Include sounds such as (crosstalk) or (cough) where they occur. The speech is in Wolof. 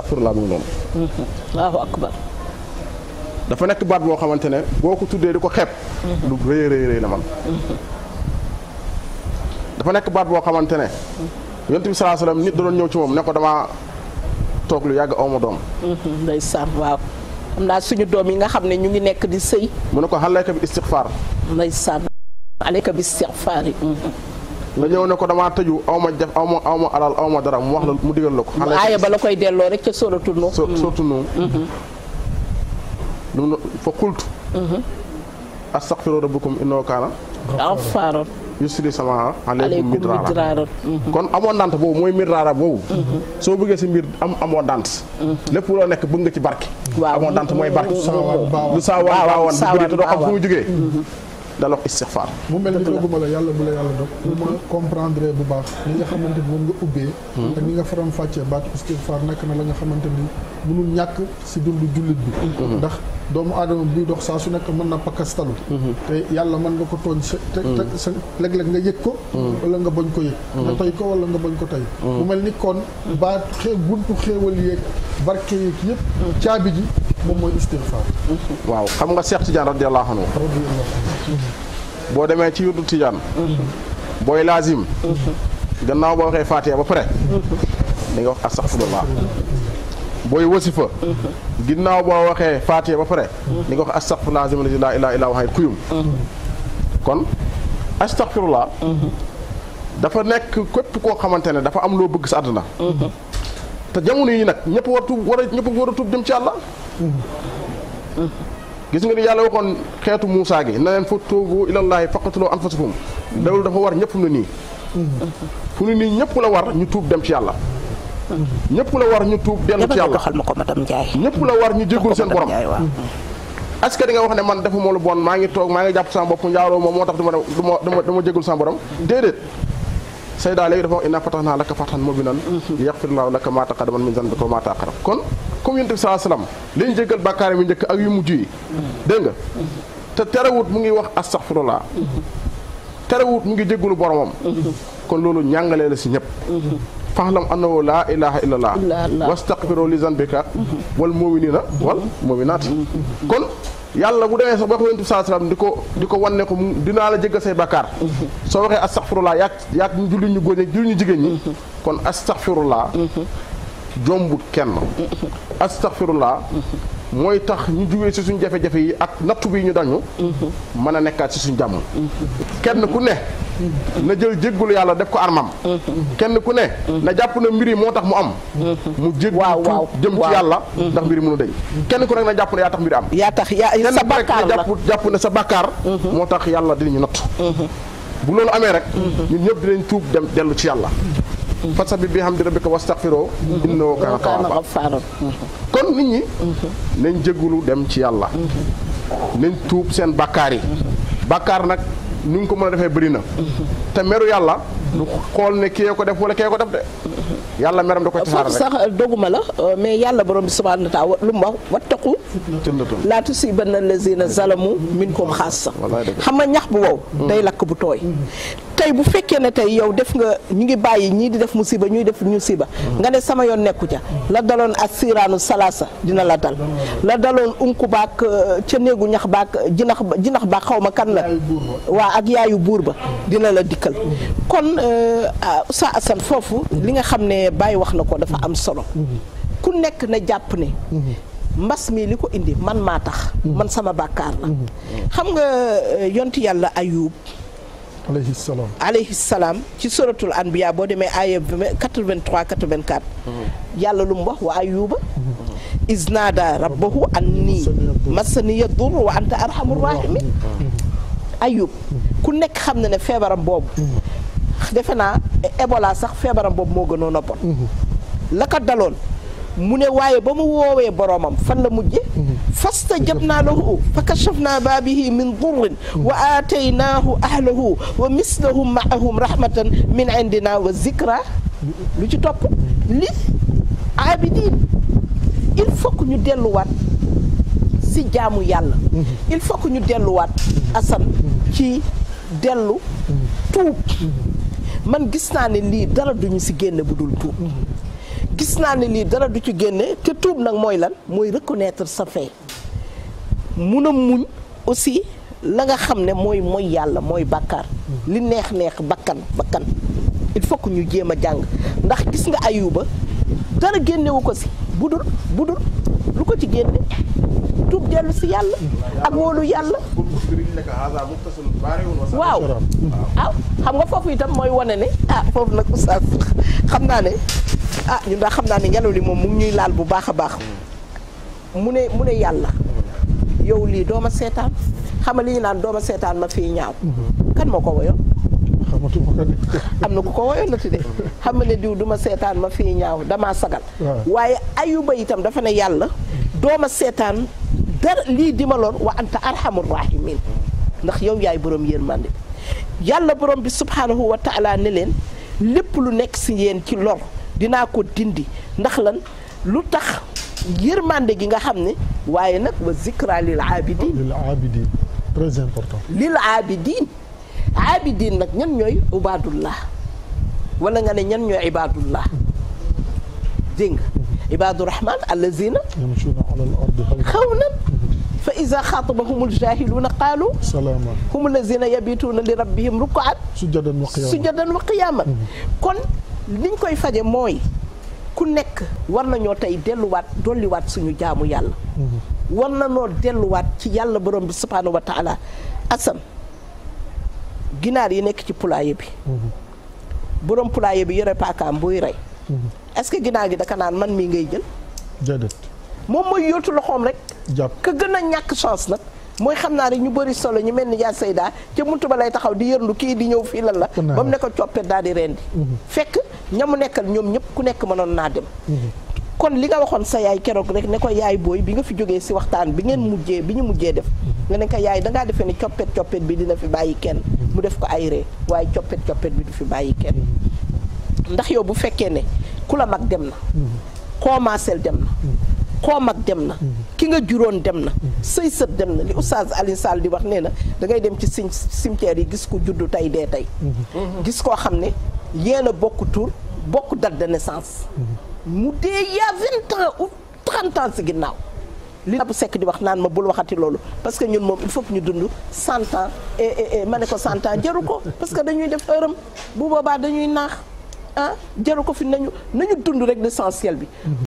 astaghfirullah mu ngi noonu. Mm-hmm. allahu akbar. dafa nekk baat boo xamante boo ko tuddee di ko xeeb. Mm-hmm. lu rëy rëy rëy la man. Mm-hmm. dafa nekk baat boo xamante ne. yonent nit da doon ñëw ci moom ne ko damaa toog lu yàgg aw ma doom. ndeysaan waaw. xam naa suñu doom yi nga xam ne ñu ngi nekk di sëy. mu ne ko alayka bi istighfar. ndeysaan alayka bi istighfar yi. nga ñëw ne ko damaa tëju aw ma jaf aw ma alal aw dara mu wax la mu digal la ko. xale aaya ba la koy delloo rek ca sóoratu Nuux. so sóoratu Nuux. lu mu fa qultu. astaghfiru rabbakum innahu kaana. gaffaaran yusri samaa aleykum midraara kon boobu mooy midraara boobu. soo bëggee si mbir am abondance. lépp loo nekk bëgg nga ci barke. waaw abondance mooy barke. lu saawa baawoon lu saawa baawoon bu bëri te doo xam fu mu jugee. dala wax istixfaar. mu mel ni dooguma la yàlla bu la yàlla dog bu mm-hmm. ma comprendre bu baax li nga xamante ni moom nga ubbee. Mm-hmm. ak ni nga faram fàccee baatu istixfaar nekk na la nga xamante ni mënul ñàkk si dundu jullit bi. Mm-hmm. ndax doomu aadama buy dox saa su nekk mën na pakkastalu te yàlla mën nga ko tooñ sa te sa léeg-léeg nga yëg ko wala nga bañ ko yëg nga tey ko wala nga bañ ko tey bu mel ni kon baa xee buntu xéewal yeeg barke yeeg yëpp caabi ji moom mooy waaw xam nga Cheikh Tidiane radiyallahu anhu boo demee ci yurdu Tidiane. booy laazim. gannaaw boo waxee Fatiha ba pare. di nga wax astaghfirullah. booy wasifa. ginnaaw boo waxee Fatiha ba pare. di nga wax astaghfirullah la ilaha illa huwa kuyum. kon astaghfirullah. dafa nekk képp koo xamante ne dafa am loo bëgg sa àdduna. te jamono yi nag ñëpp war a tuub war a war a tuub jëm ci àlla gis nga ni yàlla waxoon xeetu Moussa gi na leen fa tuubu am faqatuloo anfusakum loolu dafa war ñëpp nu nii fu nu nii ñëpp la war ñu tuub dem ci yàlla ñëpp la war ñu tuub dellu ci yàlla doxal ma ko madame Ndiaye ñëpp la war ñu jéggul seen borom est-ce que di nga wax ne man defu ma lu bon maa ngi toog maa ngi jàpp sama bopp njaaroo moom moo tax duma duma dama jéggul sama borom déedéet Seyda léegi dafa wax inna fatahnaa laka fathan mubiinan mhm. yaghfir llaahu laka maa taqaddama min zanbika wa maa ta'akhkhara kon comme yonent bi saa salaam li ñu jéggal bàkkaar njëkk ak yu mujj yi mhm. dégg nga te terewut mu ngi wax astaghfirullah mhm. terewut mu ngi jéggalu boromam kon loolu ñàngalee la si ñëpp faxlam annahu laa ilaha illa allah wastaghfiru li zanbika wal mu'minina wal mu'minaat kon yàlla bu demee sax ba yonent bi saa salaam di ko di ko wan ne ko dinaa la jéggal say bakkaar soo waxee astaxfirullah yaag yaag ñu julli ñu góor ñi julli ñu jigéen ñi kon astaxfirullah jombut kenn astaxfirullah mooy tax ñu jugee si suñu jafe-jafe yi ak nattu bi ñu dañu uhuh. mën a nekkaat si suñu jàmm uhuh. kenn ku ne na jël jéggulu yàlla def ko armam kenn ku ne na jàpp na mbir yi moo tax mu am mu jégg waaw waaw jëm ci yàlla mm-hmm. mbir yi mënu kenn ku rek na jàpp ne yaa am yaa tax sa bàkkaar la jàpp jàpp sa bàkkaar mm-hmm. moo tax yàlla dinañu natt mm-hmm. bu loolu amee rek ñun ñëpp dinañ tuub dem dellu ci yàlla fasabbih bihamdi rabbika wastaghfirhu innahu kaana ghaffaaran kon nit ñi nañ jéggulu dem ci yàlla nañ tuub seen bàkkaar yi bàkkaar nag ni nga ko mën a defee bëri na. te meru yàlla. du xool ne kii ko def wala kii ko def de. yàlla meram da koy tasaare rek sax euh, doguma la euh, mais yàlla borom bi subhanahu wa taala lu mu wax wattaqu laa tusiibanna lazina zalamu minkum xaassa xam nga ñax bu wow. Mm. day lakk bu tooy. tey bu fekkee ne tey yow def nga ñu ngi bàyyi ñii di def musiba ñuy def musiba nga ne sama yoon nekku ca la daloon ak siiraanu salaasa dina la dal la daloon unku baak euh, ca néegu ñax baak jinax jinax ba xaw ma kan la waa ak yaayu buur ba dina la dikkal kon euh, ah, sa asan foofu li nga xam ne bàyyi wax na ko dafa am solo ku nekk na jàpp ne mbas mi li ko indi man maa tax man sama bàkkaar la mm-hmm. xam nga euh, yonti yàlla ayub alayhi salaam alayhi salaam ci suratul anbiya boo demee aaya 83 84. yàlla lu mu wax wa ayuba. isnaada rabbahu anni masaniya dur wa anta arhamur rahimin ayub ku nekk xam na ne feebaram boobu. defe naa Ebola sax feebaram boobu moo gënoon a bon. la ko daloon mu ne waaye ba mu woowee boroomam fan la mujje fastajabna lahu fa kashafna baabihi min durrin wa aataynaahu ahlahu wa mislahum maahum rahmatan min indina wa zikra lu ci topp li abidin il faut ñu delluwaat si jaamu yàlla il faut ñu delluwaat asan ci dellu tuub man gis naa ni lii dara duñu ci génne bu dul tuub gis naa ne lii dara du ci génne te tuub nag mooy lan mooy reconnaître sa fait mun a muñ aussi la nga xam ne mooy mooy yàlla mooy bàkkaar mm-hmm. li neex-neex bakkan bakkan il faut ñu jéem a jàng ndax gis nga ayuba dara génnewu ko si budul budul lu ko ci génne tuub dellu si yàlla mm-hmm. ak wóolu yàlla waaw mm-hmm. ah xam nga foofu itam mooy wane ne ah foofu nag oustaz xam naa ne ah ñu ndax xam naa ne ngelaw li moom mu ñuy laal bu baax a baax mu ne mu ne yàlla yow lii dooma seetaan xam nga li ñu naan dooma seetaan ma fii ñaaw kan moo ko woyoon (laughs) am na ku ko woyoon la tuddee xam ne diw duma seetaan ma fii ñaaw dama sagal waaye ayuba itam dafa ne yàlla dooma seetaan dara lii di ma lor wa anta arhamur rahimin ndax yow yaay borom yërmande yàlla boroom bi subhaanahu wa taala ne leen lépp lu nekk si yéen ci lor dinaa ko dindi ndax lan lu tax yërmande gi nga xam ne waaye nag wa zikra lil aabidin lil aabidin très important lil aabidin aabidin nag ñan ñooy ibaadullah wala nga ne ñan ñooy ibaadullah dégg nga ibaadu rahman allazina yamshuna ala al ardi xawnan fa ida xaatabahum aljahiluuna qaalu salaama hum allazina yabituuna li rabbihim rukaan sujadan wa qiyaman kon niñ koy faje mooy ku nekk war nañoo tey delluwaat dolliwaat suñu jaamu yàlla war nañoo delluwaat ci yàlla borom bi subhaanahu wa asam ginaar yi nekk ci poulailler bi borom poulailler bi yore paakaam buy rey est que ginaar gi daka naan man mii ngay jël déedéet moom mooy yootu loxoom rek ka gën a ñàkk chance nag mooy xam naa rek ñu bëri solo ñu mel ni yaa sayda ca muntu ba lay taxaw di yërndu kii di ñëw fii lan la ba mu ne ko coppet daal di rendi mhm. fekk ña mu nekkal ñoom ñëpp ku nekk mënoon naa dem. kon li nga waxoon sa yaay keroog rek ne ko yaay booy bi nga fi jógee si waxtaan bi ngeen mujjee bi ñu mujjee def nga ne yaay dangaa defee ne coppet coppet bi dina fi bàyyi kenn mu def ko ay ree waaye coppet coppet bi du fi bàyyi kenn ndax yow bu fekkee ne ku la mag dem na commencé dem na koo mag dem na ki nga juróon dem na sëy sët dem na li oustaz Alioune Sall di wax nee na dangay dem ci cimetière yi gis ko juddu tey dee tey koo xam ne yéen a bokk tur bokk date de naissance mu dee yaa ans ou trente ans si ginnaaw li bu sekk di wax naan ma bul waxati loolu parce que ñun moom il faut ñu dund cent ans ma ne ko cent ans jaru ko parce que dañuy def ërëm bu boobaa dañuy naax ah jaru ko fi nañu nañu dund rek l'essentiel bi